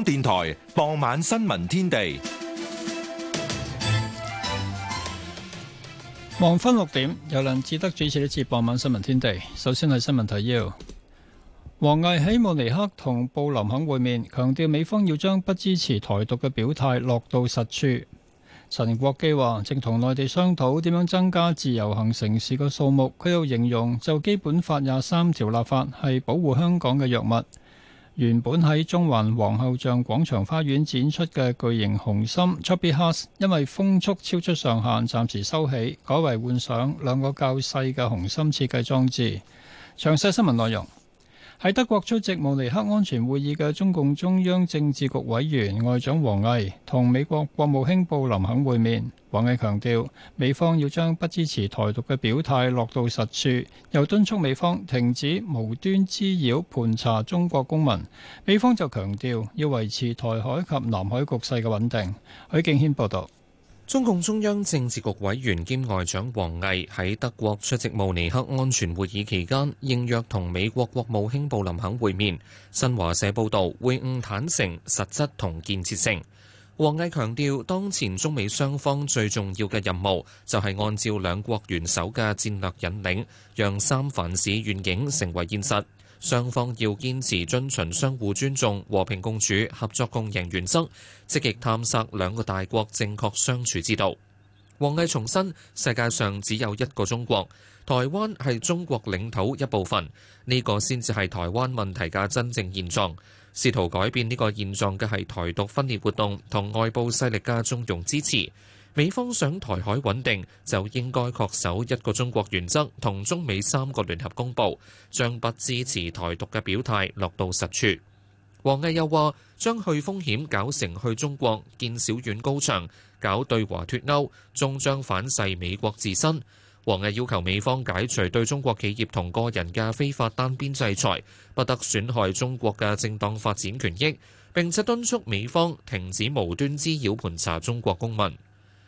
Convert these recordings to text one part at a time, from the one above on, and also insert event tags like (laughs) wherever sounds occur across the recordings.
香港電台傍晚新聞天地，黃昏六點由林志德主持一次傍晚新聞天地。首先係新聞提要：王毅喺慕尼黑同布林肯會面，強調美方要將不支持台獨嘅表態落到實處。陳國基話正同內地商討點樣增加自由行城市嘅數目。佢又形容就基本法廿三條立法係保護香港嘅藥物。原本喺中環皇后像廣場花園展出嘅巨型紅心 Chubby House，因為風速超出上限，暫時收起，改為換上兩個較細嘅紅心設計裝置。詳細新聞內容。喺德國出席慕尼黑安全會議嘅中共中央政治局委員外長王毅同美國國務卿布林肯會面。王毅強調，美方要將不支持台獨嘅表態落到實處，又敦促美方停止無端滋擾、盤查中國公民。美方就強調要維持台海及南海局勢嘅穩定。許敬軒報道。中共中央政治局委員兼外長王毅喺德國出席慕尼黑安全會議期間應約同美國國務卿布林肯會面。新華社報道，會晤坦誠實質同建設性。王毅強調，當前中美雙方最重要嘅任務就係按照兩國元首嘅戰略引領，讓三藩市願景成為現實。雙方要堅持遵循相互尊重、和平共處、合作共贏原則，積極探索兩個大國正確相處之道。王毅重申，世界上只有一個中國，台灣係中國領土一部分，呢、這個先至係台灣問題嘅真正現狀。試圖改變呢個現狀嘅係台獨分裂活動同外部勢力嘅縱容支持。美方想台海穩定，就應該恪守一個中國原則同中美三個聯合公布將不支持台獨嘅表態落到實處，王毅又話將去風險搞成去中國建小院高牆搞對華脫鈎終將反噬美國自身。王毅要求美方解除對中國企業同個人嘅非法單邊制裁，不得損害中國嘅正當發展權益。並且敦促美方停止無端滋擾盤查中國公民。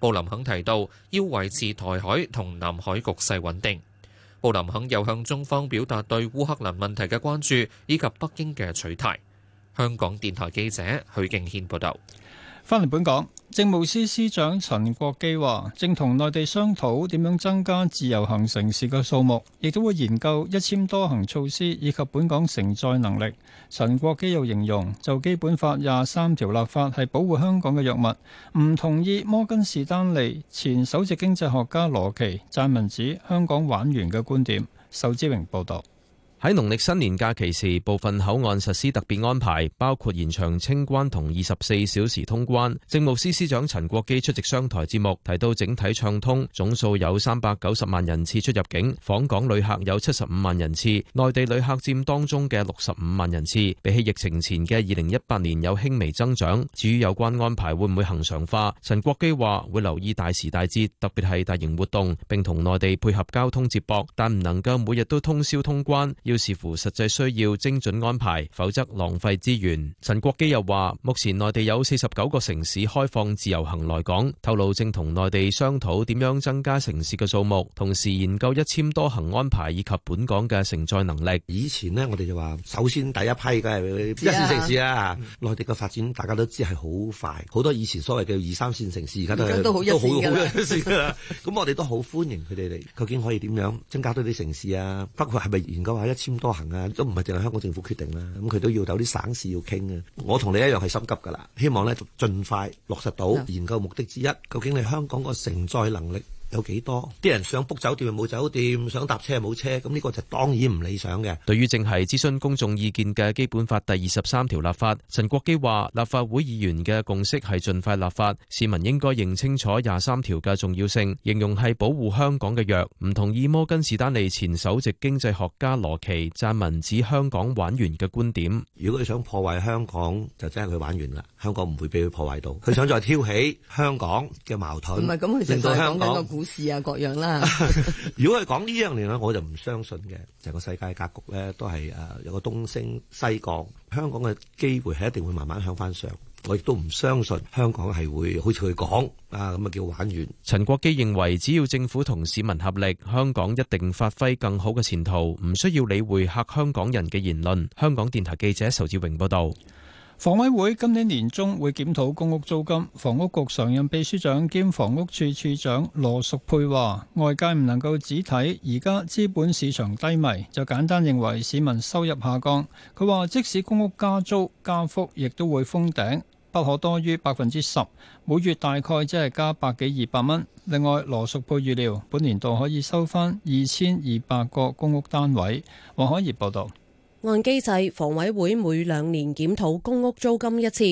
布林肯提到要維持台海同南海局勢穩定。布林肯又向中方表達對烏克蘭問題嘅關注，以及北京嘅取態。香港電台記者許敬軒報道。翻嚟本港，政務司司長陳國基話，正同內地商討點樣增加自由行城市嘅數目，亦都會研究一簽多行措施以及本港承載能力。陳國基又形容就《基本法》廿三條立法係保護香港嘅藥物，唔同意摩根士丹利前首席經濟學家羅奇撰文指香港玩完嘅觀點。仇之榮報道。喺農曆新年假期時，部分口岸實施特別安排，包括延長清關同二十四小時通關。政務司司長陳國基出席商台節目，提到整體暢通，總數有三百九十萬人次出入境，訪港旅客有七十五萬人次，內地旅客佔當中嘅六十五萬人次，比起疫情前嘅二零一八年有輕微增長。至於有關安排會唔會恒常化，陳國基話會留意大時大節，特別係大型活動，並同內地配合交通接駁，但唔能夠每日都通宵通關。要視乎實際需要，精準安排，否則浪費資源。陳國基又話：目前內地有四十九個城市開放自由行來港，透露正同內地商討點樣增加城市嘅數目，同時研究一簽多行安排以及本港嘅承載能力。以前呢，我哋就話首先第一批嘅係一線城市啊。內地嘅發展大家都知係好快，好多以前所謂嘅二三線城市而家都都好一線啦。咁 (laughs) (laughs) 我哋都好歡迎佢哋嚟，究竟可以點樣增加多啲城市啊？包括係咪研究下一簽多行啊，都唔係淨係香港政府決定啦，咁佢都要有啲省市要傾啊。我同你一樣係心急噶啦，希望咧盡快落實到研究目的之一，究竟你香港個承載能力。有幾多？啲人想 book 酒店又冇酒店，想搭車又冇車，咁呢個就當然唔理想嘅。對於正係諮詢公眾意見嘅基本法第二十三條立法，陳國基話：立法會議員嘅共識係盡快立法，市民應該認清楚廿三條嘅重要性，形容係保護香港嘅藥。唔同意摩根士丹利前首席經濟學家羅奇撰文指香港玩完嘅觀點。如果你想破壞香港，就真係佢玩完啦。香港唔會俾佢破壞到，佢想再挑起香港嘅矛盾。唔係咁，佢淨係香港。股市啊，各樣啦。 (laughs) 如果係講呢樣嘢呢，我就唔相信嘅成個世界格局呢，都係誒有個東升西降。香港嘅機會係一定會慢慢向翻上。我亦都唔相信香港係會好似佢講啊咁啊叫玩完。陳國基認為，只要政府同市民合力，香港一定發揮更好嘅前途，唔需要理會客香港人嘅言論。香港電台記者仇志榮報道。房委會今年年中會檢討公屋租金。房屋局常任秘書長兼房屋處處長羅淑佩話：外界唔能夠只睇而家資本市場低迷，就簡單認為市民收入下降。佢話即使公屋加租加幅，亦都會封頂，不可多於百分之十，每月大概只係加百幾二百蚊。另外，羅淑佩預料本年度可以收翻二千二百個公屋單位。黃海怡報道。按機制，房委會每兩年檢討公屋租金一次，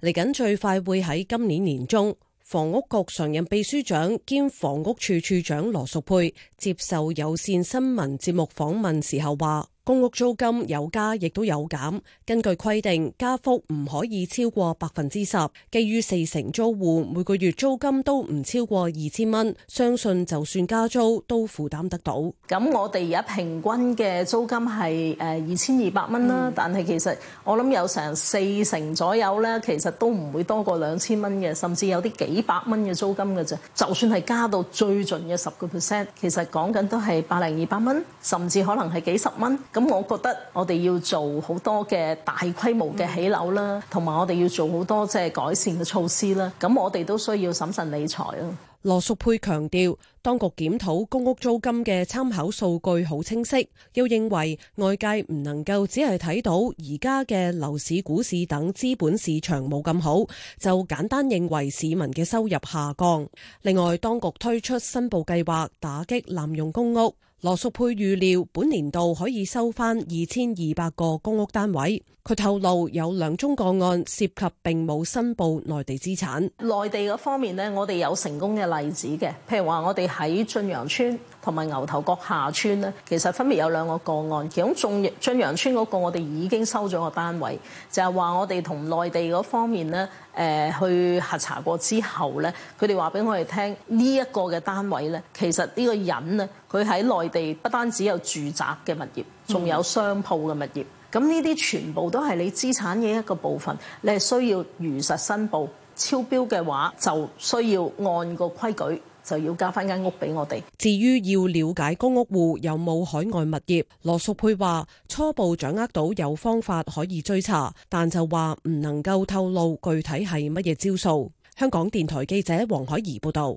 嚟緊最快會喺今年年中。房屋局常任秘書長兼房屋處處長羅淑佩接受有線新聞節目訪問時候話。公屋租金有加亦都有減，根據規定加幅唔可以超過百分之十。基於四成租戶每個月租金都唔超過二千蚊，相信就算加租都負擔得到。咁我哋而家平均嘅租金係誒二千二百蚊啦，嗯、但係其實我諗有成四成左右咧，其實都唔會多過兩千蚊嘅，甚至有啲幾百蚊嘅租金㗎啫。就算係加到最盡嘅十個 percent，其實講緊都係百零二百蚊，甚至可能係幾十蚊。咁我覺得我哋要做好多嘅大規模嘅起樓啦，同埋我哋要做好多即係改善嘅措施啦。咁我哋都需要審慎理財啊。羅淑佩強調，當局檢討公屋租金嘅參考數據好清晰，又認為外界唔能夠只係睇到而家嘅樓市、股市等資本市場冇咁好，就簡單認為市民嘅收入下降。另外，當局推出申報計劃，打擊濫用公屋。羅淑佩預料本年度可以收翻二千二百個公屋單位。佢透露有兩宗個案涉及並冇申報內地資產。內地嗰方面咧，我哋有成功嘅例子嘅，譬如話我哋喺駿洋村同埋牛頭角下村咧，其實分別有兩個個案。其中駿駿洋村嗰個，我哋已經收咗個單位，就係、是、話我哋同內地嗰方面咧，誒、呃、去核查過之後咧，佢哋話俾我哋聽，呢、這、一個嘅單位咧，其實呢個人咧，佢喺內地不單止有住宅嘅物業，仲有商鋪嘅物業。嗯。咁呢啲全部都係你資產嘅一個部分，你係需要如實申報，超標嘅話就需要按個規矩就要交翻間屋俾我哋。至於要了解公屋戶有冇海外物業，羅淑佩話初步掌握到有方法可以追查，但就話唔能夠透露具體係乜嘢招數。香港電台記者黃海怡報導。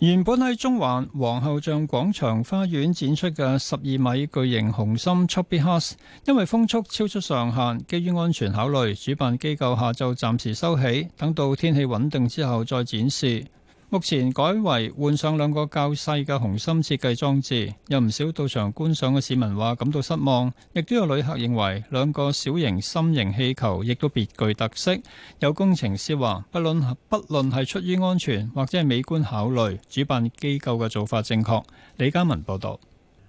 原本喺中環皇后像廣場花園展出嘅十二米巨型紅心 Chubby House，因為風速超出上限，基於安全考慮，主辦機構下晝暫時收起，等到天氣穩定之後再展示。目前改為換上兩個較細嘅紅心設計裝置，有唔少到場觀賞嘅市民話感到失望，亦都有旅客認為兩個小型心形氣球亦都別具特色。有工程師話，不論不論係出於安全或者係美觀考慮，主辦機構嘅做法正確。李嘉文報導。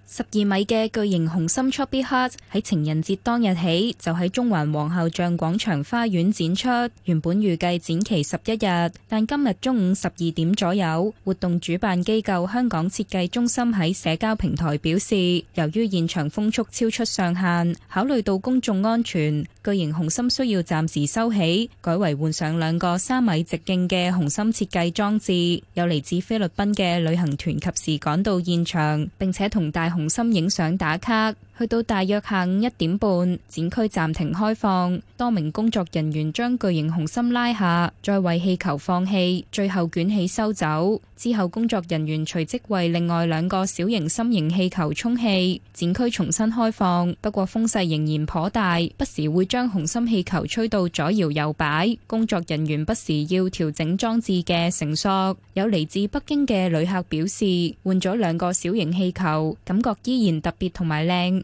十二米嘅巨型紅心 Chubby Heart 喺情人節當日起就喺中環皇后像廣場花園展出，原本預計展期十一日，但今日中午十二點左右，活動主辦機構香港設計中心喺社交平台表示，由於現場風速超出上限，考慮到公眾安全。巨型紅心需要暫時收起，改為換上兩個三米直徑嘅紅心設計裝置。有嚟自菲律賓嘅旅行團及時趕到現場，並且同大紅心影相打卡。去到大約下午一點半，展區暫停開放，多名工作人員將巨型紅心拉下，再為氣球放氣，最後捲起收走。之後，工作人員隨即為另外兩個小型心形氣球充氣，展區重新開放。不過風勢仍然頗大，不時會將紅心氣球吹到左搖右擺，工作人員不時要調整裝置嘅繩索。有嚟自北京嘅旅客表示，換咗兩個小型氣球，感覺依然特別同埋靚。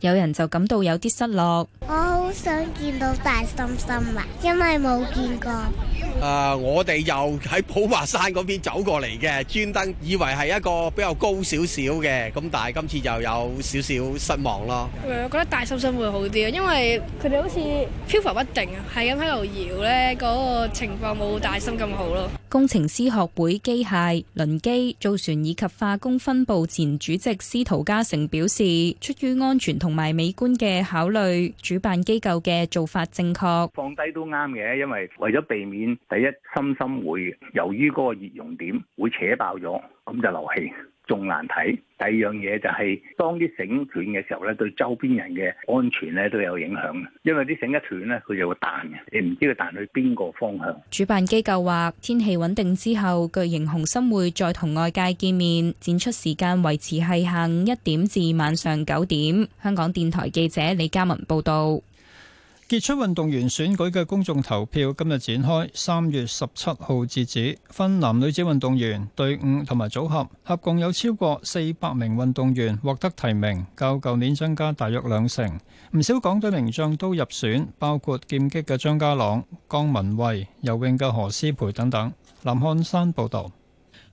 有人就感到有啲失落。我好想見到大心心啊，因為冇見過。啊，我哋又喺寶華山嗰邊走過嚟嘅，專登以為係一個比較高少少嘅，咁但係今次又有少少失望咯。誒，我覺得大心心會好啲啊，因為佢哋好似飄浮不定啊，係咁喺度搖咧，嗰個情況冇大心咁好咯。工程師學會機械、輪機、造船以及化工分部前主席司徒家成表示，出於安全同。同埋美觀嘅考慮，主辦機構嘅做法正確，放低都啱嘅，因為為咗避免第一心心會由於嗰個熱熔點會扯爆咗，咁就漏氣。仲難睇，第二樣嘢就係當啲繩斷嘅時候咧，對周邊人嘅安全咧都有影響嘅，因為啲繩一斷咧，佢就會彈嘅，你唔知道彈去邊個方向。主辦機構話，天氣穩定之後，巨型紅心會再同外界見面，展出時間維持係下午一點至晚上九點。香港電台記者李嘉文報道。傑出運動員選舉嘅公眾投票今日展開，三月十七號截止。分男、女子運動員、隊伍同埋組合，合共有超過四百名運動員獲得提名，較舊年增加大約兩成。唔少港隊名將都入選，包括劍擊嘅張家朗、江旻憓、游泳嘅何詩蓓等等。林漢山報道。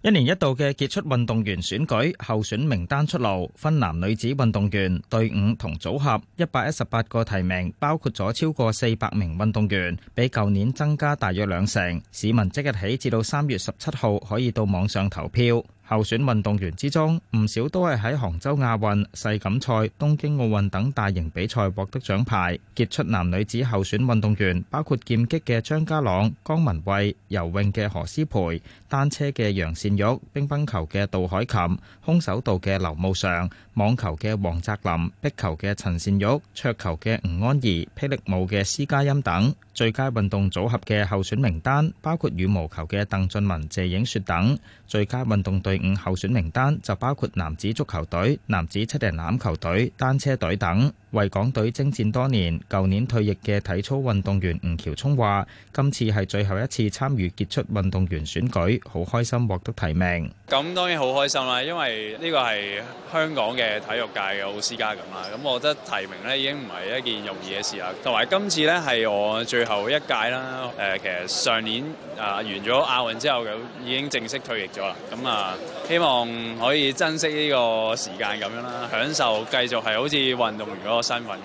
一年一度嘅傑出運動員選舉候選名單出爐，分男女子運動員、隊伍同組合一百一十八個提名，包括咗超過四百名運動員，比舊年增加大約兩成。市民即日起至到三月十七號可以到網上投票。候選運動員之中，唔少都係喺杭州亞運、世錦賽、東京奧運等大型比賽獲得獎牌。傑出男女子候選運動員包括劍擊嘅張家朗、江旻憓，游泳嘅何詩蓓，單車嘅楊倩玉，乒乓球嘅杜凱琹，空手道嘅劉慕裳，網球嘅黃澤林，壁球嘅陳善玉，桌球嘅吳安儀，霹靂舞嘅施嘉欣等。最佳運動組合嘅候選名單包括羽毛球嘅鄧俊文、謝影雪等；最佳運動隊伍候選名單就包括男子足球隊、男子七人欖球隊、單車隊等。為港隊征戰多年，舊年退役嘅體操運動員吳橋聰話：今次係最後一次參與傑出運動員選舉，好開心獲得提名。咁當然好開心啦，因為呢個係香港嘅體育界嘅奧斯卡咁啦。咁我覺得提名呢已經唔係一件容易嘅事啦。同埋今次呢係我最後一屆啦。誒，其實上年啊完咗亞運之後，已經正式退役咗啦。咁啊，希望可以珍惜呢個時間咁樣啦，享受繼續係好似運動員嗰。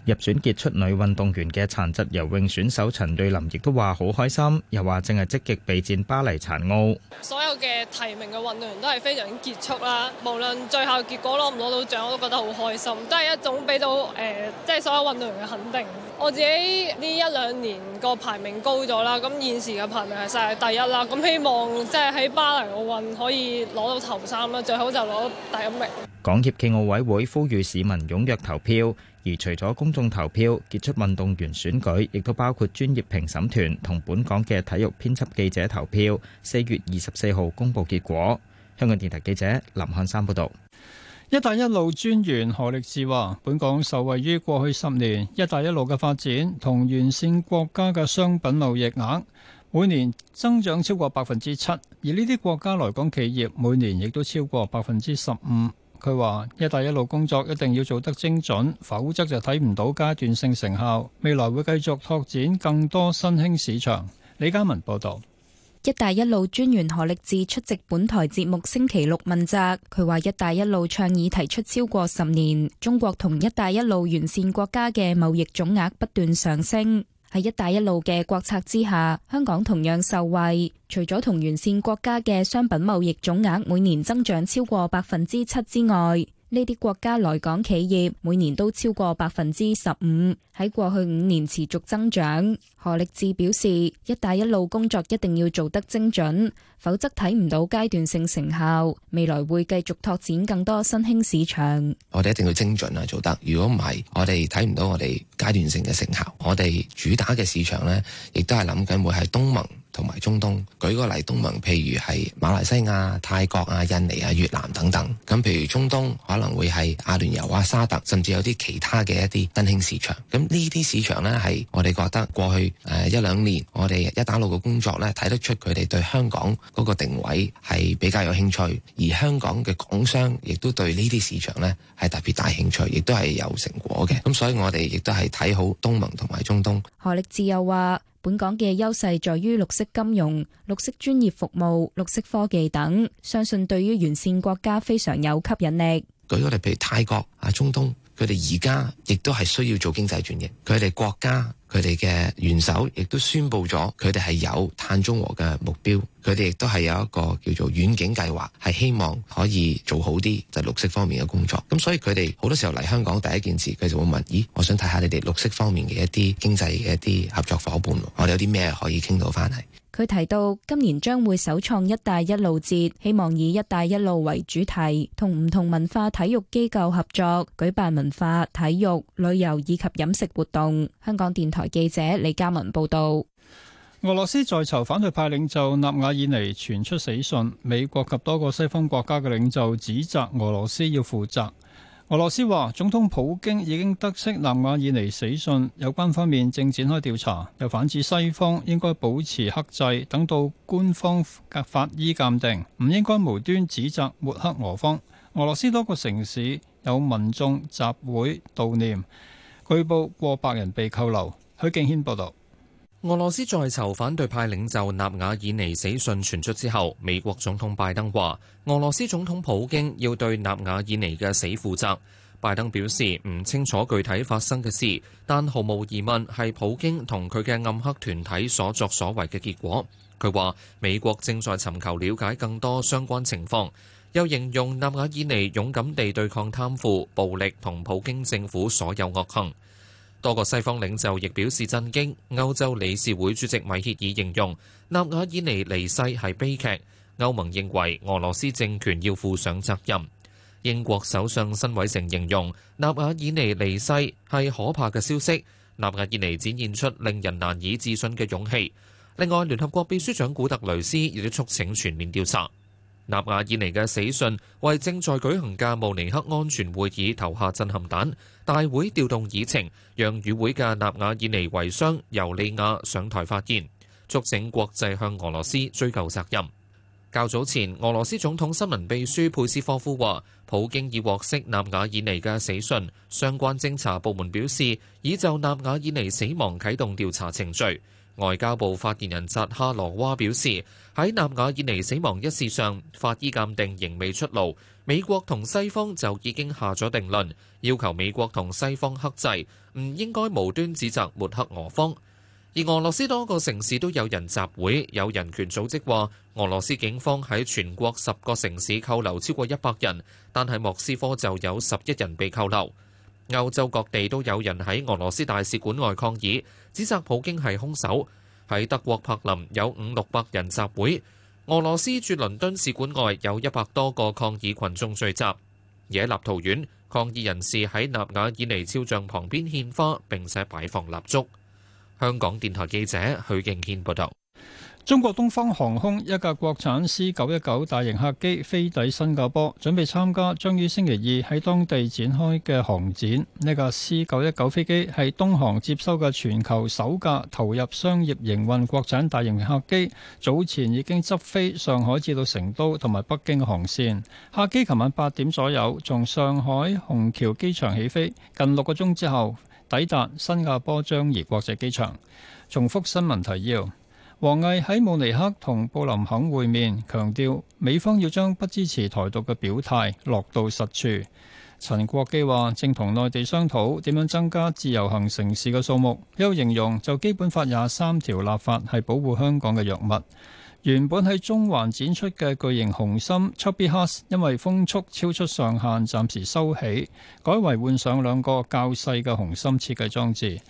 入選傑出女運動員嘅殘疾游泳選手陳瑞琳亦都話好開心，又話正係積極備戰巴黎殘奧。所有嘅提名嘅運動員都係非常之結束啦，無論最後結果攞唔攞到獎我都覺得好開心，都係一種俾到誒，即、呃、係所有運動員嘅肯定。我自己呢一兩年個排名高咗啦，咁現時嘅排名係世界第一啦，咁希望即係喺巴黎奧運可以攞到頭三啦，最好就攞第一名。港協暨奧委會呼籲市民踴躍投票，而除咗公眾投票結束運動員選舉，亦都包括專業評審團同本港嘅體育編輯記者投票。四月二十四號公佈結果。香港電台記者林漢山報道。「一帶一路」專員何力志話，本港受惠於過去十年「一帶一路」嘅發展，同完善國家嘅商品貿易額每年增長超過百分之七，而呢啲國家來港企業每年亦都超過百分之十五。佢話：一帶一路工作一定要做得精準，否則就睇唔到階段性成效。未來會繼續拓展更多新興市場。李家文報導。一帶一路專員何力智出席本台節目星期六問責。佢話：一帶一路倡議提出超過十年，中國同一帶一路完善國家嘅貿易總額不斷上升。喺一帶一路嘅國策之下，香港同樣受惠。除咗同沿線國家嘅商品貿易總額每年增長超過百分之七之外，呢啲國家來港企業每年都超過百分之十五，喺過去五年持續增長。何力志表示，「一帶一路」工作一定要做得精準，否則睇唔到階段性成效。未來會繼續拓展更多新興市場。我哋一定要精準啊，做得，如果唔係，我哋睇唔到我哋階段性嘅成效。我哋主打嘅市場呢，亦都係諗緊會係東盟。同埋中東，舉個例，東盟譬如係馬來西亞、泰國啊、印尼啊、越南等等。咁譬如中東可能會係阿聯酋啊、沙特，甚至有啲其他嘅一啲新興市場。咁呢啲市場呢，係我哋覺得過去誒一兩年我哋一帶路嘅工作呢，睇得出佢哋對香港嗰個定位係比較有興趣，而香港嘅港商亦都對呢啲市場呢係特別大興趣，亦都係有成果嘅。咁所以我哋亦都係睇好東盟同埋中東。何力智又話。本港嘅優勢在於綠色金融，綠色專業服務，綠色科技等，相信對於完善國家非常有吸引力。舉個例，譬如泰國啊，中東。佢哋而家亦都係需要做經濟轉型，佢哋國家佢哋嘅元首亦都宣布咗，佢哋係有碳中和嘅目標，佢哋亦都係有一個叫做遠景計劃，係希望可以做好啲就係綠色方面嘅工作。咁所以佢哋好多時候嚟香港第一件事，佢就會問：咦，我想睇下你哋綠色方面嘅一啲經濟嘅一啲合作伙伴，我哋有啲咩可以傾到翻嚟？佢提到，今年將會首創一帶一路節，希望以“一帶一路”為主題，同唔同文化體育機構合作舉辦文化、體育、旅遊以及飲食活動，香港電台記者李嘉文報道。俄羅斯在囚反對派領袖納瓦爾尼傳出死訊，美國及多個西方國家嘅領袖指責俄羅斯要負責。俄羅斯話，總統普京已經得悉納瓦爾尼死訊，有關方面正展開調查。又反指西方應該保持克制，等到官方法醫鑑定，唔應該無端指責抹黑俄方。俄羅斯多個城市有民眾集會悼念，據報過百人被扣留。許敬軒報道。俄羅斯在囚反對派領袖納瓦爾尼死訊傳出之後，美國總統拜登話：俄羅斯總統普京要對納瓦爾尼嘅死負責。拜登表示唔清楚具體發生嘅事，但毫無疑問係普京同佢嘅暗黑團體所作所為嘅結果。佢話：美國正在尋求了解更多相關情況，又形容納瓦爾尼勇敢地對抗貪腐、暴力同普京政府所有惡行。多個西方領袖亦表示震驚。歐洲理事會主席米歇爾形容納瓦爾尼離世係悲劇。歐盟認為俄羅斯政權要負上責任。英國首相辛偉誠形容納瓦爾尼離世係可怕嘅消息。納瓦爾尼展現出令人難以置信嘅勇氣。另外，聯合國秘書長古特雷斯亦都促請全面調查。納瓦爾尼嘅死訊為正在舉行嘅慕尼黑安全會議投下震撼彈，大會調動議程，讓與會嘅納瓦爾尼遺孀尤利亞上台發言，促請國際向俄羅斯追究責任。較早前，俄羅斯總統新聞秘書佩斯科夫話，普京已獲悉納瓦爾尼嘅死訊，相關偵查部門表示已就納瓦爾尼死亡啟動調查程序。外交部發言人扎哈羅娃表示，喺納瓦爾尼死亡一事上，法醫鑑定仍未出爐，美國同西方就已經下咗定論，要求美國同西方克制，唔應該無端指責抹黑俄方。而俄羅斯多個城市都有人集會，有人權組織話，俄羅斯警方喺全國十個城市扣留超過一百人，但係莫斯科就有十一人被扣留。歐洲各地都有人喺俄羅斯大使館外抗議，指責普京係兇手。喺德國柏林有五六百人集會，俄羅斯駐倫敦使館外有一百多個抗議群眾聚集。而喺立陶宛，抗議人士喺納瓦爾尼肖像旁邊獻花並且擺放蠟燭。香港電台記者許敬軒報導。中國東方航空一架國產 C 九一九大型客機飛抵新加坡，準備參加將於星期二喺當地展開嘅航展。呢架 C 九一九飛機係東航接收嘅全球首架投入商業營運國產大型客機。早前已經執飛上海至到成都同埋北京嘅航線。客機琴晚八點左右從上海虹橋機場起飛，近六個鐘之後抵達新加坡樟宜國際機場。重複新聞提要。王毅喺慕尼黑同布林肯會面，強調美方要將不支持台獨嘅表態落到實處。陳國基話正同內地商討點樣增加自由行城市嘅數目。又形容就基本法廿三條立法係保護香港嘅藥物。原本喺中環展出嘅巨型紅心 Chubby House 因為風速超出上限，暫時收起，改為換上兩個較細嘅紅心設計裝置。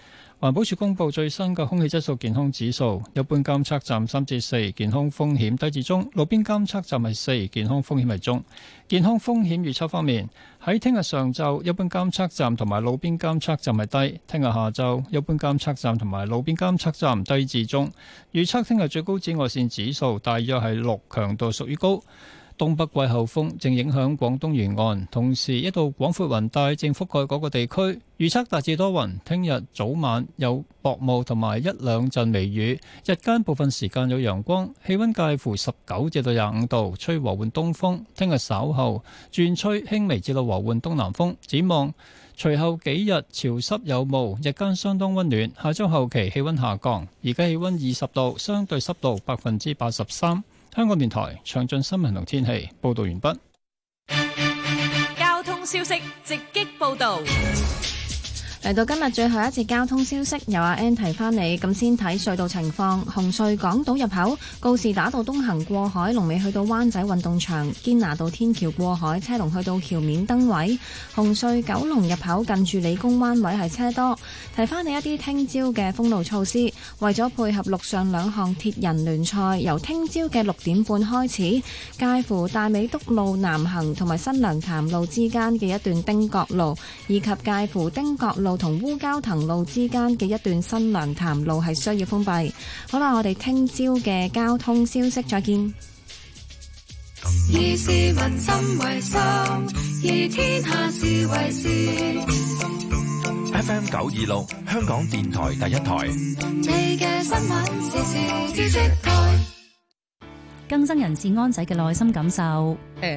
環保署公布最新嘅空氣質素健康指數，一般監測站三至四，健康風險低至中；路邊監測站係四，健康風險係中。健康風險預測方面，喺聽日上晝一般監測站同埋路邊監測站係低；聽日下晝一般監測站同埋路邊監測站低至中。預測聽日最高紫外線指數大約係六，強度屬於高。東北季候風正影響廣東沿岸，同時一道廣闊雲帶正覆蓋嗰個地區。預測大致多雲，聽日早晚有薄霧同埋一兩陣微雨，日間部分時間有陽光，氣溫介乎十九至到廿五度，吹和緩東風。聽日稍後轉吹輕微至到和緩東南風。展望隨後幾日潮濕有霧，日間相當溫暖。下周後期氣溫下降，而家氣溫二十度，相對濕度百分之八十三。香港電台詳盡新聞同天氣報道完畢。交通消息直擊報道。嚟到今日最後一次交通消息，由阿 N 提翻你，咁先睇隧道情況。紅隧港島入口告士打道東行過海，龍尾去到灣仔運動場，堅拿道天橋過海，車龍去到橋面燈位。紅隧九龍入口近住理工灣位係車多。提翻你一啲聽朝嘅封路措施，為咗配合陸上兩項鐵人聯賽，由聽朝嘅六點半開始，介乎大美督路南行同埋新娘潭路之間嘅一段丁角路，以及介乎丁角路。同烏蛟騰路之間嘅一段新娘潭路係需要封閉。好啦，我哋聽朝嘅交通消息，再見。以市民心為心，以天下事為事。FM 九二六，香港電台第一台。你嘅新聞知識台。更新人士安仔嘅內心感受。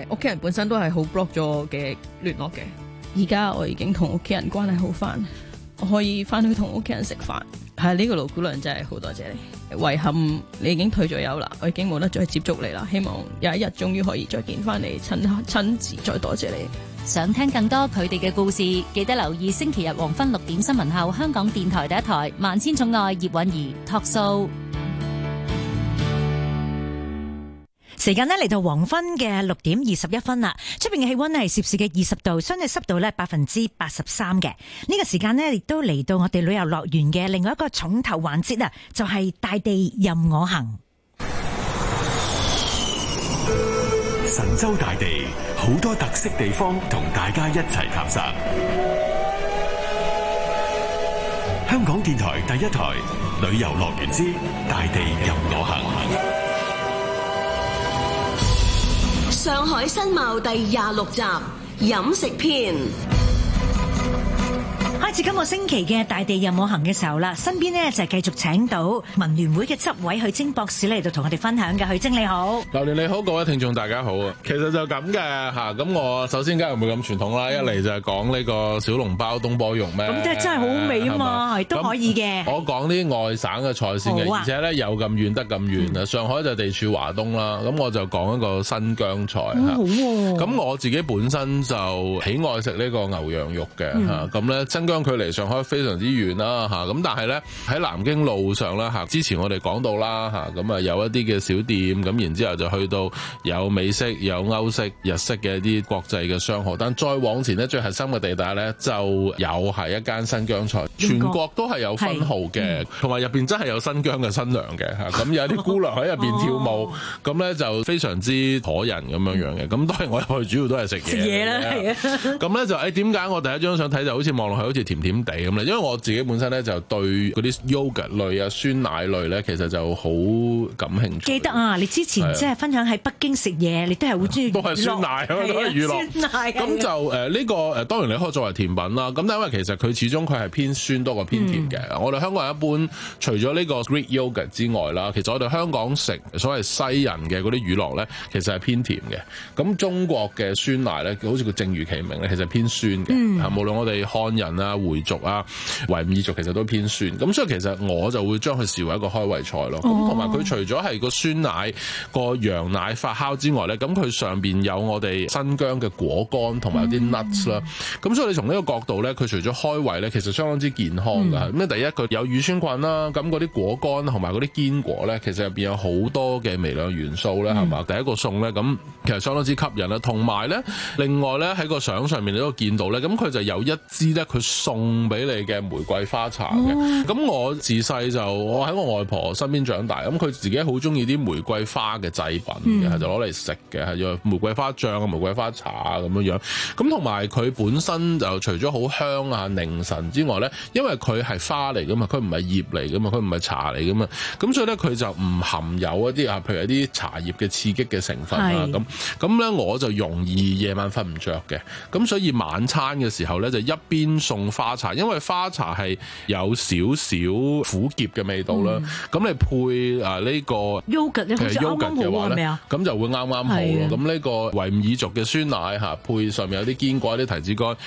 屋企人本身都係好 block 咗嘅聯絡嘅。而家我已經同屋企人關係好翻，我可以翻去同屋企人食飯。係、啊、呢、這個老姑娘真係好多謝你，遺憾你已經退咗休啦，我已經冇得再接觸你啦。希望有一日終於可以再見翻你，親親自再多謝你。想聽更多佢哋嘅故事，記得留意星期日黃昏六點新聞後，香港電台第一台《萬千寵愛葉韻儀》Talk Show。時間呢，嚟到黃昏嘅六點二十一分啦，出邊嘅氣溫咧係攝氏嘅二十度，相對濕度呢，百分之八十三嘅。呢、呢個時間呢，亦都嚟到我哋旅遊樂園嘅另外一個重頭環節啦，就係、是、大地任我行。神州大地好多特色地方，同大家一齊探索。香港電台第一台旅遊樂園之大地任我行。上海新貌第廿六集飲食篇。開始今個星期嘅大地任我行嘅時候啦，身邊咧就繼續請到文聯會嘅執委許晶博士嚟到同我哋分享嘅。許晶你好，劉年你好，各位聽眾大家好啊。其實就咁嘅吓，咁我首先梗係唔會咁傳統啦，一嚟就係講呢個小籠包、東坡肉咩？咁即係真係好味啊嘛，都可以嘅。我講啲外省嘅菜先嘅，而且咧有咁遠得咁遠啊，上海就地處華東啦，咁我就講一個新疆菜吓。咁我自己本身就喜愛食呢個牛羊肉嘅吓，咁咧新疆。咁距離上海非常之遠啦嚇，咁、啊、但係呢，喺南京路上啦嚇、啊，之前我哋講到啦嚇，咁啊，啊，啊有一啲嘅小店，咁、啊、然之後就去到有美式、有歐式、日式嘅一啲國際嘅商號，但再往前呢，最核心嘅地帶呢，就有係一間新疆菜，全國都係有分號嘅，同埋入邊真係有新疆嘅新娘嘅嚇，咁、啊啊嗯、有啲姑娘喺入邊跳舞，咁呢、哦、就非常之可人咁樣樣嘅，咁當然我入去主要都係食嘢食嘢啦，咁呢 (laughs) 就誒點解我第一張相睇就好似望落去好似～甜甜地咁啦，因為我自己本身咧就對嗰啲 yogurt 類啊、酸奶類咧，其實就好感興趣。記得啊，你之前即係分享喺北京食嘢，啊、你都係好中意。都係酸奶啊，都係乳酪。酸奶。咁就誒呢個誒當然你可以作為甜品啦。咁但因為其實佢始終佢係偏酸多過偏甜嘅。嗯、我哋香港人一般除咗呢個 Greek yogurt 之外啦，其實我哋香港食所謂西人嘅嗰啲乳酪咧，其實係偏甜嘅。咁中國嘅酸奶咧，好似佢正如其名咧，其實偏酸嘅。啊、嗯，無論我哋漢人啊，回族啊，維吾爾族其實都偏酸，咁所以其實我就會將佢視為一個開胃菜咯。咁同埋佢除咗係個酸奶個羊奶發酵之外呢，咁佢上邊有我哋新疆嘅果乾同埋有啲 nuts 啦。咁、嗯、所以你從呢個角度呢，佢除咗開胃呢，其實相當之健康噶。咁、嗯、第一佢有乳酸菌啦，咁嗰啲果乾同埋嗰啲堅果呢，其實入邊有好多嘅微量元素呢，係嘛？嗯、第一個餸呢，咁其實相當之吸引啦。同埋呢，另外呢，喺個相上面你都見到呢，咁佢就有一支呢。佢，送俾你嘅玫瑰花茶嘅，咁、哦、我自細就我喺我外婆身邊長大，咁佢自己好中意啲玫瑰花嘅製品嘅，嗯、就攞嚟食嘅，係用玫瑰花醬啊、玫瑰花茶啊咁樣樣。咁同埋佢本身就除咗好香啊、凝神之外咧，因為佢係花嚟噶嘛，佢唔係葉嚟噶嘛，佢唔係茶嚟噶嘛，咁所以咧佢就唔含有一啲啊，譬如一啲茶葉嘅刺激嘅成分啊咁。咁咧是我就容易夜晚瞓唔着嘅，咁所以晚餐嘅時候咧就一邊送。花茶，因為花茶係有少少苦澀嘅味道啦，咁、嗯、你配啊、這、呢個，其實 Yogurt 嘅話咧，咁就會啱啱好咯。咁呢的個維吾爾族嘅酸奶吓，配上面有啲堅果、有啲提子乾。 (laughs)